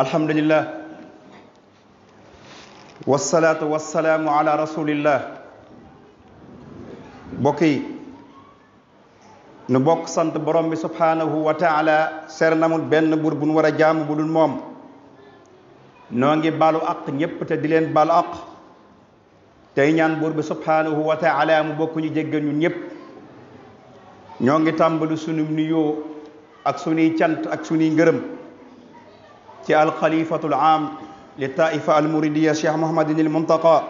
alhamdulillah wasalaatu wasalaamu ala rasulillah bokk yi nu bokk sant borom bi subhanahu wa taala seer namul benn buur bu war a jaamu bu dul moom noo ngi baalu àq ñépp te di leen baalu àq tey ñaan buur bi subhanahu wa taala mu bokk ñu jéggal ñun ñépp ñoo ngi tàmbali sunu nuyoo ak sunuy cant ak sunuy ngërëm ci alxalifatul am li taifa almuridiya cheikh mohamadinil muntaqa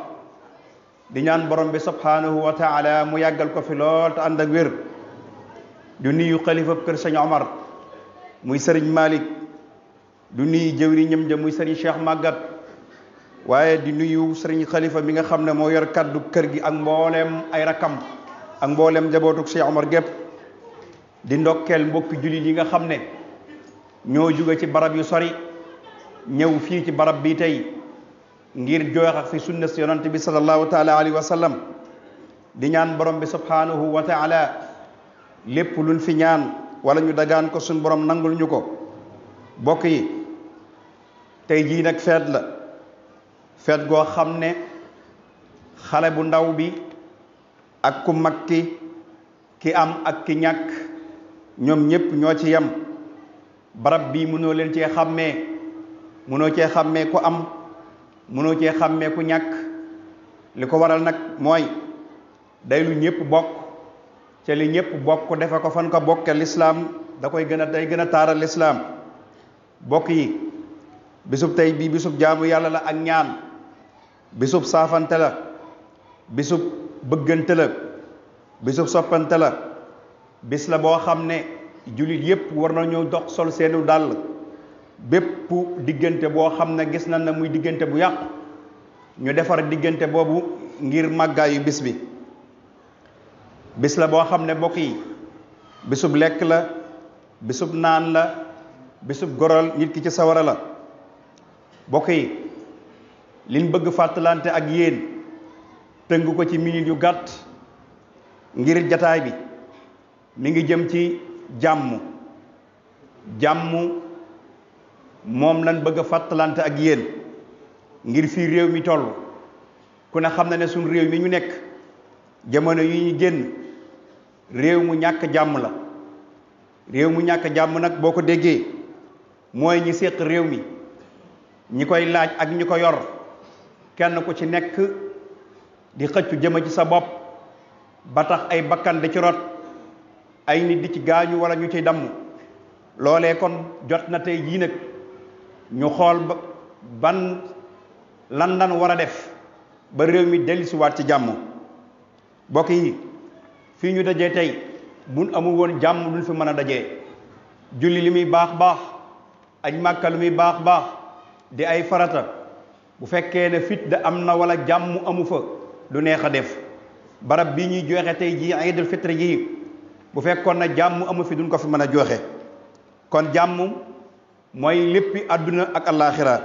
di ñaan borom bi subhanahu wa taala mu yàggal ko fi lool te ànd ak wér du nuyu xalifa kër sëñ omar muy sëriñ malik du nuyu jëwriñam ja muy sëriñ cheikh màggat waaye di nuyu sëriñ xalifa mi nga xam ne moo yor kaddu kër gi ak mbooleem ay rakam ak mboolem jabootug cheikh omar gépp di ndokkeel mbokki jullit yi nga xam ne ñoo jóge ci barab yu sori ñëw fii ci barab bi tey ngir joox fi sunna si yonante bi sallallahu taala alayhi wa sallam di ñaan borom bi subhanahu wa taala lépp luñ fi ñaan wala ñu dagaan ko suñ borom nangul ñu ko bokk yi tey jii nag feet la feet goo xam ne xale bu ndaw bi ak ku mag ki ki am ak ki ñàkk ñoom ñépp ñoo ci yem barab bii mënoo leen cee xàmmee mënoo cee xàmmee ku am mënoo cee xàmmee ku ñàkk li ko waral nag mooy day lu ñëpp bokk ca li ñëpp bokk defe ko fan ko bokke lislaam da koy gën a day gën a taaral lislaam bokk yi bisub tey bii bisub jaamu yàlla la ak ñaan bisub saafante la bisub bëggante la bisub soppante la bis la boo xam ne jullit yëpp war na ñoo dox sol seenu dàll bépp diggante boo xam ne gis nañ ne muy diggante bu yàq ñu defar diggante boobu ngir màggaayu bis bi bis la boo xam ne mbokk yi bisub lekk la bisub naan la bisub gorol nit ki ci sawara la mbokk yi liñ bëgg fàttalante ak yéen tënk ko ci minute yu gàtt ngir jataay bi mi ngi jëm ci jàmm jàmm moom lan bëgg a fàttalante ak yéen ngir fii réew mi toll ku ne xam na ne suñ réew mi ñu nekk jamono yi ñu génn réew mu ñàkk jàmm la réew mu ñàkk jàmm nag boo ko déggee mooy ñi séq réew mi ñi koy laaj ak ñi ko yor kenn ku ci nekk di xëccu jëma ci sa bopp ba tax ay bakkan di ci rot ay nit di ci gaañu wala ñu ciy damm loole kon jot na tey jii nag ñu xool ba ban lan lan war a def ba réew mi dellusiwaat ci jàmm mbokk yi fii ñu dajee tey buñ amul woon jàmm duñ fi mën a daje julli li muy baax baax aj màkka lu muy baax baax di ay farata bu fekkee ne fit da am na wala jàmm amu fa du neex a def barab bi ñuy joxe tey jii iidul fitri ji bu fekkoon na jàmm amu fi duñ ko fi mën a joxe kon jàmm mooy léppi àdduna ak allaaxira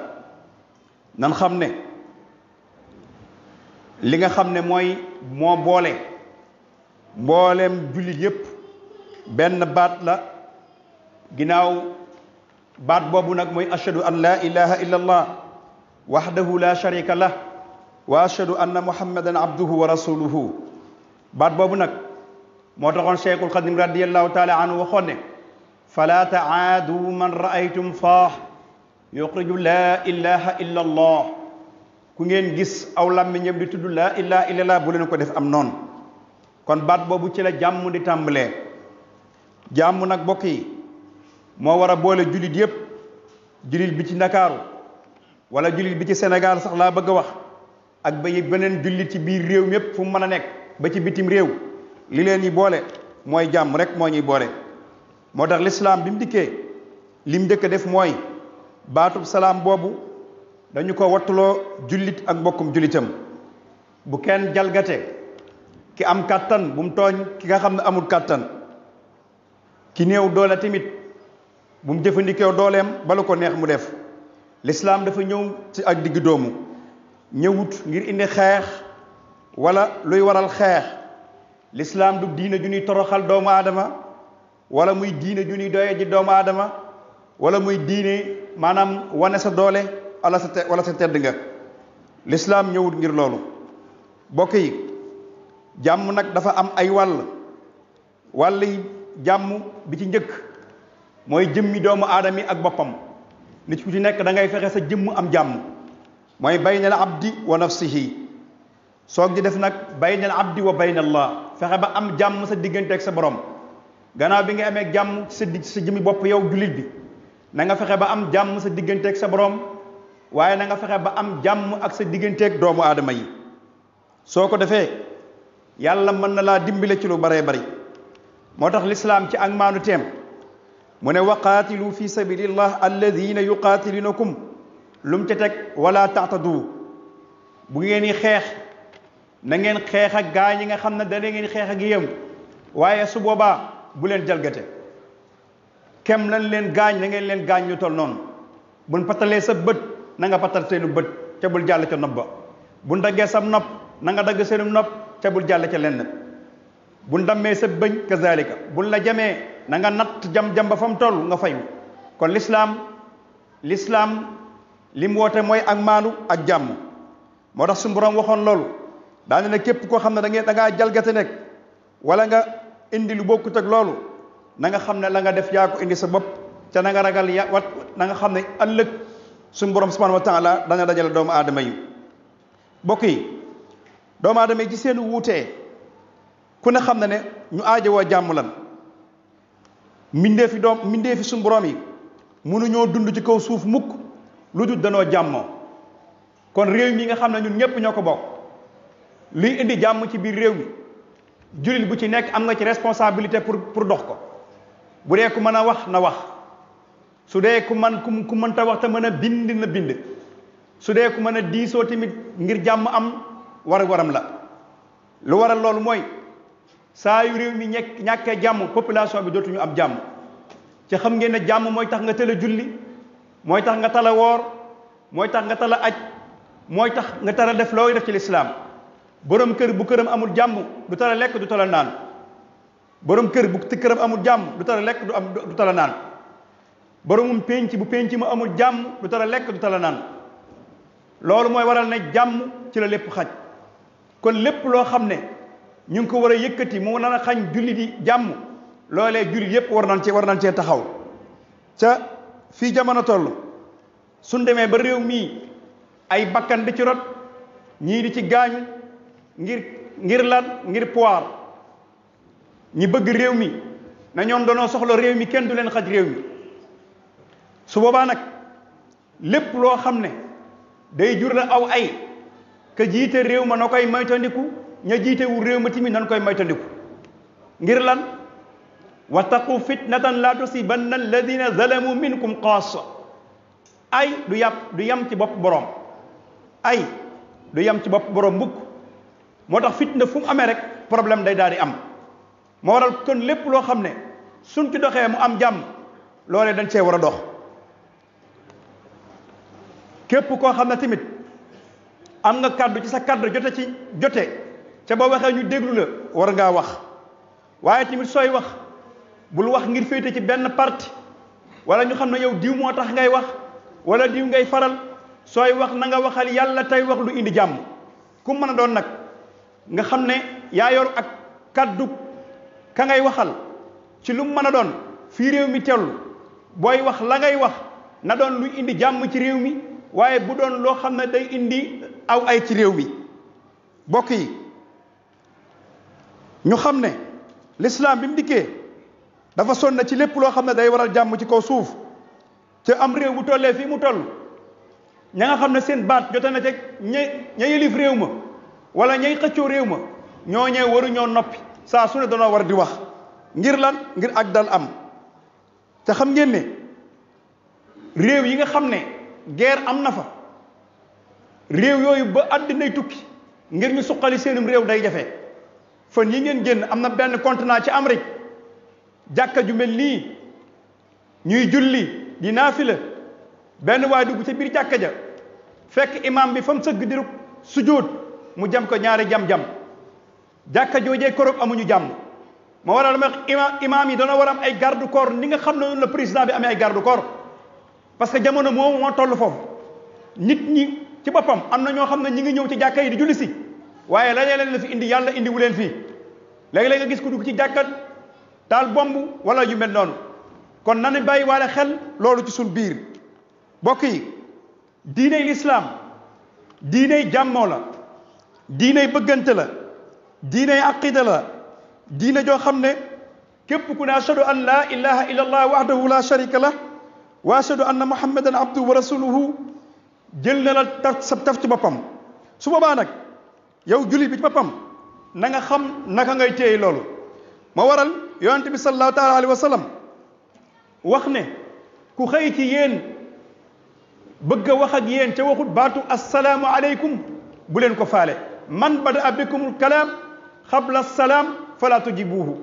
nan xam ne li nga xam ne mooy moo boole mbooleem jullit yépp benn baat la ginnaaw baat boobu nag mooy ashhadu an laa ilaha illa allah wahdahu la sharika lah wa ashhadu anna muhammadan abduhu wa rasuluhu baat boobu nag moo taxoon cheikhul xadim radiallahu taala anhu waxoon ne fala taadu man raaytum faax yuxriju laa ilaha illa allah ku ngeen gis aw làmmiñam di tudd illa allah bu leen ko def am noonu kon baat bu ci la jàmm di tàmbalee jàmm nag mbokk yi moo war a boole jullit yépp jullit bi ci ndakaaru wala jullit bi ci sénégal sax laa bëgg a wax ak ba beneen jullit ci biir réew mi yépp fu mu mën a nekk ba ci bitim réew li leen yi boole mooy jàmm rek moo ñuy boole moo tax lislaam bi mu dikkee li njëkk a def mooy baatub salaam boobu dañu ko wattuloo jullit ak mbokkum jullitam bu kenn jalgatee ki am kàttan bu mu tooñ ki nga xam ne amul kattan ki néew doole tamit bu mu jëfandikoo dooleem bala ko neex mu def lislaam dafa ñëw ci ak digg doomu ñëwut ngir indi xeex walla luy waral xeex lislaam du diina ju ñuy toroxal doomu aadama wala muy diine ju ñuy ji doomu aadama wala muy diine maanaam wane sa doole wala sa wala sa tedd nga lislaam ñëwut ngir loolu bokk yi jàmm nag dafa am ay wàll wàll yi jàmm bi ci njëkk mooy jëmmi doomu aadama yi ak boppam nit ku ci nekk da ngay fexe sa jëmm am jàmm mooy bay baynal abdi wa nafsihi soog di def nag bay ne baynal abdi wa baynallah fexe ba am jàmm sa diggante ak sa borom gannaaw bi nga amee jàmm sa di sa jëmi bopp yow jullit bi na nga fexe ba am jàmm sa digganteek sa boroom waaye na nga fexe ba am jàmm ak sa digganteek doomu aadama yi soo ko defee yàlla mën na laa dimbale ci lu bare bari moo tax lislaam ci ak maanu teem mu ne waqaatilu fi sabilillah alladina yuqaatilunakum lu mu ca teg wala taatadu bu ngeen di xeex na ngeen xeex ak gaa ñi nga xam ne dana ngeen xeex ak yéem waaye su boobaa bu leen jalgate kem lan leen gaañ na ngeen leen gaañ ñu tol noonu buñ patalee sa bët na nga patal seenu bët ca bul jàll ca nopp ba buñ daggee sa nopp nanga dagg seenu nopp ca bul jàll ca lenn buñ dammee sa bëñ kazalika bu la jamee nanga nga natt jam jamba ba fa mu toll nga fayu kon lislaam lislaam li mu woote mooy ak maanu ak jàmm moo tax suñu borom waxoon loolu daane ne képp koo xam ne dangay ngeen da ngaa nekk wala nga indi lu bokkut ak loolu na nga xam ne la nga def yaa indi sa bopp te na nga ragal ya wat na xam ne ëllëg suñu borom subhanahu wa taala dana dajale doomu aadama yi mbokk yi doomu aadama yi ci seen wuutee ku ne xam ne ne ñu woo jàmm lan mbindee fi doom mbindee fi suñu borom yi mënuñoo dund ci kaw suuf mukk lu ju danoo jàmmoo kon réew mi nga xam ne ñun ñëpp ñoo ko bokk liy indi jàmm ci biir réew mi jullit bu ci nekk am nga ci responsabilité pour pour dox ko bu dee ku mën a wax na wax su dee ku man ku mënta wax te mën a bind na bind su dee ku mën a diisoo tamit ngir jàmm am war waram la lu waral loolu mooy saa yu réew mi ñekk ñàkkee jàmm population bi dootuñu am jàmm ci xam ngeen ne jàmm mooy tax nga tëla julli mooy tax nga tala woor mooy tax nga tala aj mooy tax nga tala def looyu def ci lislaam borom kër bu këram amul jàmm du tala lekk du tala naan borom kër bu këram amul jàmm du tala lekk du am du tala naan boromum penc bu penc mu amul jàmm du tala lekk du tala naan loolu mooy waral ne jàmm ci la lépp xaj kon lépp loo xam ne ñu ngi ko war a yëkkati mu nan a xañ julli di jàmm loole jullit yépp war nañ cee war nañ cee taxaw ca fii jamono toll suñ demee ba réew mii ay bakkan di ci rot ñii di ci gaañu ngir ngir lan ngir pouvoir ñi bëgg réew mi na ñoom danoo soxla réew mi kenn du leen xaj réew mi su boobaa nag lépp loo xam ne day jur la aw ay ka jiite réew ma noo koy moytandiku ña jiitewu réew ma tamit nan koy moytandiku ngir lan wa wattaqu fitnatan la tusibanna di zalamu minkum xaasa ay du yàpp du yam ci bopp boroom ay du yam ci bopp borom mukk moo tax fitna fu mu amee rek problème day daal di am moo waral kon lépp loo xam ne suñ ci doxee mu am jàmm loolee dañ cee war a dox képp koo xam ne tamit am nga kàddu ci sa kàddu jote ci jote ca boo waxee ñu déglu la war ngaa wax waaye tamit sooy wax bul wax ngir féete ci benn parti wala ñu xam ne yow diw moo tax ngay wax wala diw ngay faral sooy wax na nga waxal yàlla tey wax lu indi jàmm ku mën a doon nag nga xam ne yaa ak kàddu ka ngay waxal ci lu mu mën a doon fii réew mi tellu booy wax la ngay wax na doon lu indi jàmm ci réew mi waaye bu doon loo xam ne day indi aw ay ci réew mi bokk yi ñu xam ne lislaam bi mu dikkee dafa sonn ci lépp loo xam ne day waral jàmm ci kaw suuf te am réew bu tollee fii mu toll ña nga xam ne seen baat jote na ca ña ña réew ma wala ñay xëccoo réew ma ñooñee waruñoo noppi saa su ne danoo war di wax ngir lan ngir ak dal am te xam ngeen réew yi nga xam ne guerre am na fa réew yooyu ba àddinay tukki ngir ñu suqali seenum réew day jafe fan yi ngeen génn am na benn continent ci Amérique jàkka ju mel nii ñuy julli di naafila benn waa dugg ca biir jàkka ja fekk imam bi fa mu sëgg di sujjóot mu jam ko ñaari jam-jam jàkka joojee koroog amuñu jàmm ma waral ma ima imaam yi dana war am ay garde corps ni nga xam ne noonu la président bi amee ay garde corps parce que jamono moom moo toll foofu nit ñi ci boppam am na ñoo xam ne ñi ngi ñëw ci jàkka yi di julli si waaye la leen la fi indi yàlla indi wu leen fii léegi-léeg nga gis ku dugg ci jàkka taal bomb wala yu mel noonu kon nan ne bàyyi waale xel loolu ci suñ biir mbokk yi diiney lislaam diiney jàmmoo la diinay bëggante la diinay aqida la diina joo xam ne képp ku ne ashadu an laa ilaha illa allah wahdahu la sharika lah wa ashadu anna muhammadan abduhu wa rasuluhu jël na la taf sa taf ci boppam su boobaa nag yow jullit bi ci boppam na nga xam naka ngay téye loolu ma waral yonente bi sallallahu taala alayhi wa sallam wax ne ku xëy ci yéen bëgg a wax ak yéen ca waxut baatu asalaamu aleykum bu leen ko faale man bada bikumul kalaam xabla salaam fala tujibuhu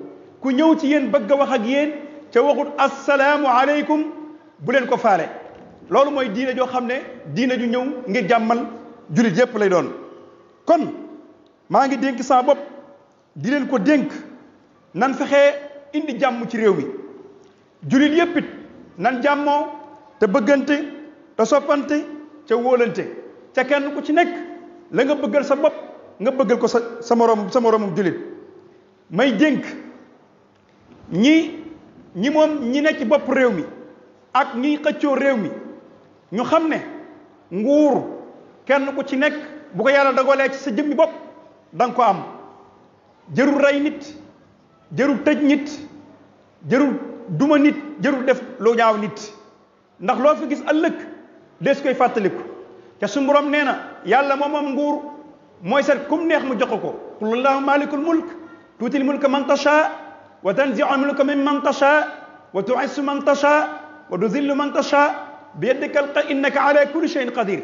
ku ñëw ci yéen bëgg a wax ak yéen ca waxut assalaamu aleykum bu leen ko faale loolu mooy diine joo xam ne diina ju ñëw ngir jàmmal jullit yépp lay doon kon maa ngi dénk saa bopp di ko dénk nan fexe indi jàmm ci réew mi jullit yépp nan jàmmoo te bëggante te soppante ca wóolante ca kenn ku ci nekk la nga bëggal sa bopp nga bëggal ko sa sa moroom sa jullit may dénk ñi ñi moom ñi nekk ci bopp réew mi ak ñi xëccoo réew mi ñu xam ne nguur kenn ku ci nekk bu ko yàlla dogalee ci sa jëmmi bopp da ko am jërul rey nit jërul tëj nit jërul duma nit jërul def loo ñaaw nit ndax loo fi gis ëllëg des koy fàttaliku te suñu nee na yàlla moom am nguur mooy seet kum neex mu jox ko qul allahumma malikul mulk tuutil mulka man tasha wa tanzi'ul mulka mimman tasha wa tu'izzu man tasha wa tuzillu man tasha bi yadika al innaka ala kulli shay'in qadir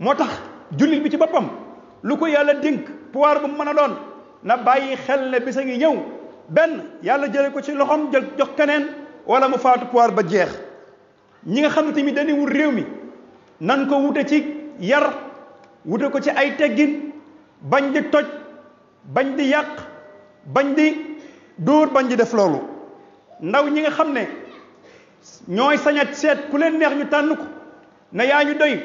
moo tax jullit bi ci boppam lu ko yàlla dénk pouvoir ba mu mën a doon na bàyyi xel ne bisa ngi ñëw benn yàlla jële ko ci loxoom jël jox keneen wala mu faatu pouvoir ba jeex ñi nga xam ne tamit dañuy wut réew mi nan ko wute ci yar wute ko ci ay teggin bañ di toj bañ di yàq bañ di dóor bañ di def loolu ndaw ñi nga xam ne ñooy sañat seet ku leen neex ñu tànn ko na yaa ñu doy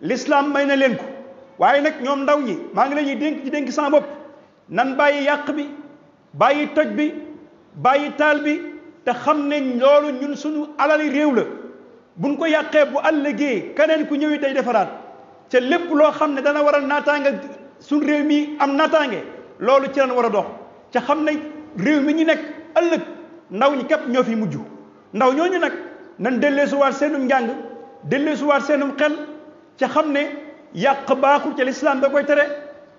lislaam may na leen ko waaye nag ñoom ndaw ñi maa ngi leen ñuy dénk ci dénk sama bopp nan bàyyi yàq bi yi toj bi bàyyi taal bi te xam ne loolu ñun suñu alali réew la buñ ko yàqee bu àllëgee keneen ku ñëwi day defaraat ca lépp loo xam ne dana waral naataanga suñ réew mi am nattaange loolu ci lan war a dox ca xam ne réew mi ñu nekk ëllëg ndaw ñi képp ñoo fi mujj ndaw ñooñu nag nan delleesuwaat seenum njàng delleesuwaat seenum xel ca xam ne yàq baaxu ca lislaam da koy tere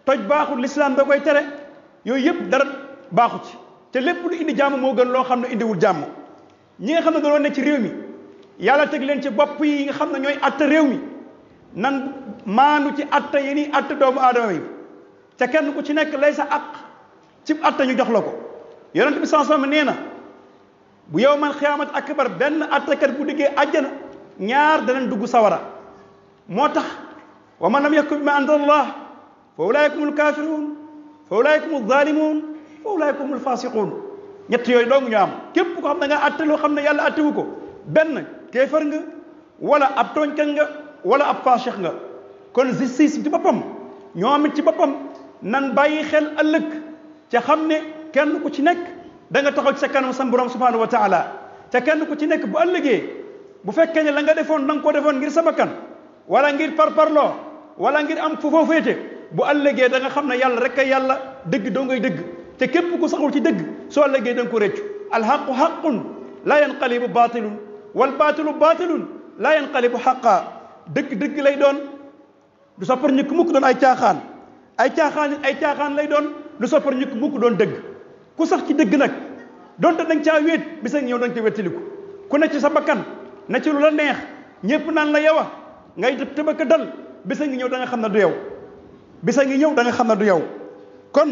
toj baaxul lislaam da koy tere yooyu yëpp dara baaxu ci te lépp lu indi jàmm moo gën loo xam ne indiwul jàmm ñi nga xam ne dañoo ne ci réew mi yàlla teg leen ci bopp yi nga xam ne ñooy atta réew mi nan maanu ci atta yi nii atta doomu aadama yi te kenn ku ci nekk lay sa àq ci atta ñu jox la ko yonent bi sansam nee na bu yow man xiyaamat akbar benn attakat bu diggee àjjana ñaar danañ dugg sawara moo tax wa man lam yahkum bima anzalallah fa ulaa'ika humul kaafiruun fa ulaa'ika humuz zaalimuun fa ulaa'ika humul faasiquun ñett yooyu dong ñu am képp ko xam ne nga atte loo xam ne yàlla attewu ko benn kéefar nga wala ab tooñkat nga wala ab faasix nga kon justice ci boppam ñoom it ci boppam nan bàyyi xel ëllëg ca xam ne kenn ku ci nekk danga nga taxaw sa kanam sam borom subhanahu ca taala te kenn ku ci nekk bu ëllëgee bu fekkee ne la nga defoon da nga ko defoon ngir sa bakkan wala ngir parparloo wala ngir am fu foo bu ëllëgee danga xam ne yàlla rek ay yàlla dëgg doo ngay dëgg te képp ku saxul ci dëgg soo ëllëgee da nga ko réccu alxaqu xaqun laa yanqalibu baatilun wal baatilu baatilun laa yanqalibu xaqaa dëgg dëgg lay doon du sa pour ñi caaxaan ay caaxaan ay caaxaan lay doon lu soppar ñu mukk doon dëgg ku sax ci dëgg nag donte dañ caa wéet bisa ñëw dañ ca wéttiliku ku ne ci sa bakkan ne ci lu la neex ñépp naan la yow a ngay tëbaka dal bisa ngi ñëw danga xam ne du yow bisa ngi ñëw da xam ne du yow kon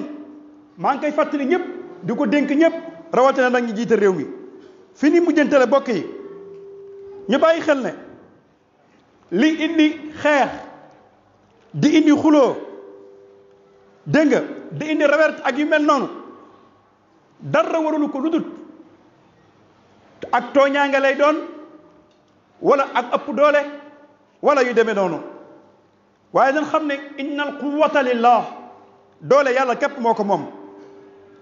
maa ngi kay fàttali ñëpp di ko dénk ñëpp rawatina nag ñi jiite réew mi fi ni mujjantale bokk yi ñu bàyyi xel ne li indi xeex di indi xuloo dégg nga di indi revert ak yu mel noonu dara warulu ko lu dul ak tooñaange lay doon wala ak ëpp doole wala yu demee noonu waaye dañ xam ne innal quwwata lillah doole yàlla képp moo ko moom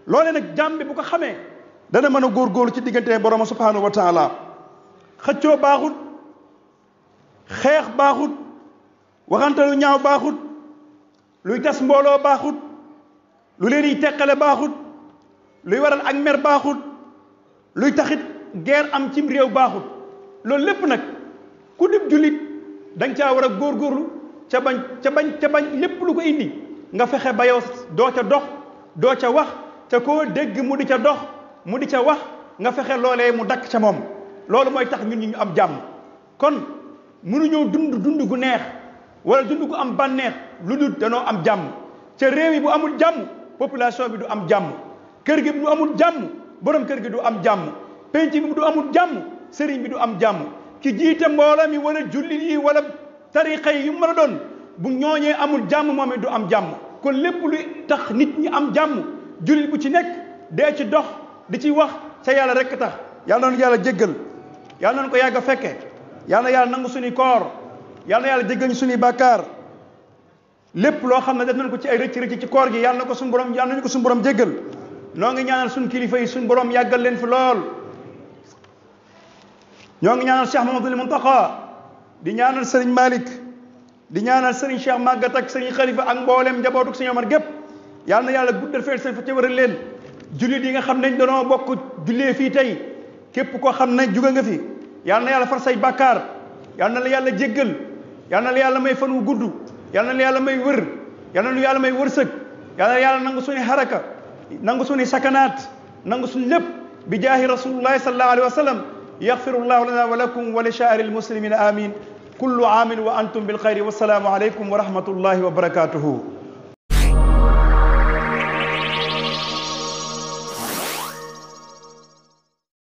loole nag jàmm bi bu ko xamee dana mën a góorgóorlu ci diggante borom subhanahu wa taala xëccoo baaxut xeex baaxut waxante lu ñaaw baaxut luy tas mbooloo baaxut lu leen yi teqale baaxut luy waral ak mer baaxut luy taxit guerre am cim réew baaxut loolu lépp nag ku dib jullit danga caa war a góor góorgóorlu ca bañ ca bañ ca bañ lépp lu ko indi nga fexe ba yow doo ca dox doo ca wax te koo dégg mu di ca dox mu di ca wax nga fexe loolee mu dakk ca moom loolu mooy tax ñun ñu am jàmm kon mënuñoo dund dund gu neex wala dund gu am bànneex lu dul danoo am jàmm ca réew yi bu amul jàmm population bi du am jàmm kër gi bu amul jàmm borom kër gi du am jàmm penc bi du amul jàmm sëriñ bi du am jàmm ki jiite mbooloo mi wala jullit yi wala tariqa yi yu mën doon bu ñooñee amul jàmm moom du am jàmm kon lépp luy tax nit ñi am jàmm jullit bu ci nekk dee ci dox di ci wax ca yàlla rekk tax yàlla noonu yàlla jéggal yàlla noonu ko yàgg a fekke yàlla yàlla nangu suñu koor yàlla na yàlla jéggal ñu suñuy bakkaar lépp loo xam ne def nañ ko ci ay rëcc rëcc ci koor gi yàlla na ko suñu borom yàlla nañu ko suñu borom noo ngi ñaanal suñu kilifa yi suñu borom yàggal leen fi lool ñoo ngi ñaanal Cheikh Mamadou Mountakha di ñaanal Serigne Malick di ñaanal Serigne Cheikh Magat ak Serigne Khalifa ak mboolem njabootu ak Serigne Omar gépp yàlla na yàlla guddal feer seen fa ca leen jullit yi nga xam ne danoo bokk jullee fii tey képp koo xam ne juga nga fi yàlla na yàlla far say bàkkaar yàlla na la yàlla jéggal yal na la yàlla may fan wu gudd yal na la yàlla may wër yal na lu yàlla may wërsëg yal na yàlla nangu suñu xaraka nangu suñu sakanaat nangu suñu lépp bi jaahi rasulullahi sallallahu alayhi wa sallam yaxfirullahu lana wa lakum wa li shaari lmuslimina amin kullu aamin wa antum bilxayri wasalaamu aleykum wa rahmatullahi wa barakatuhu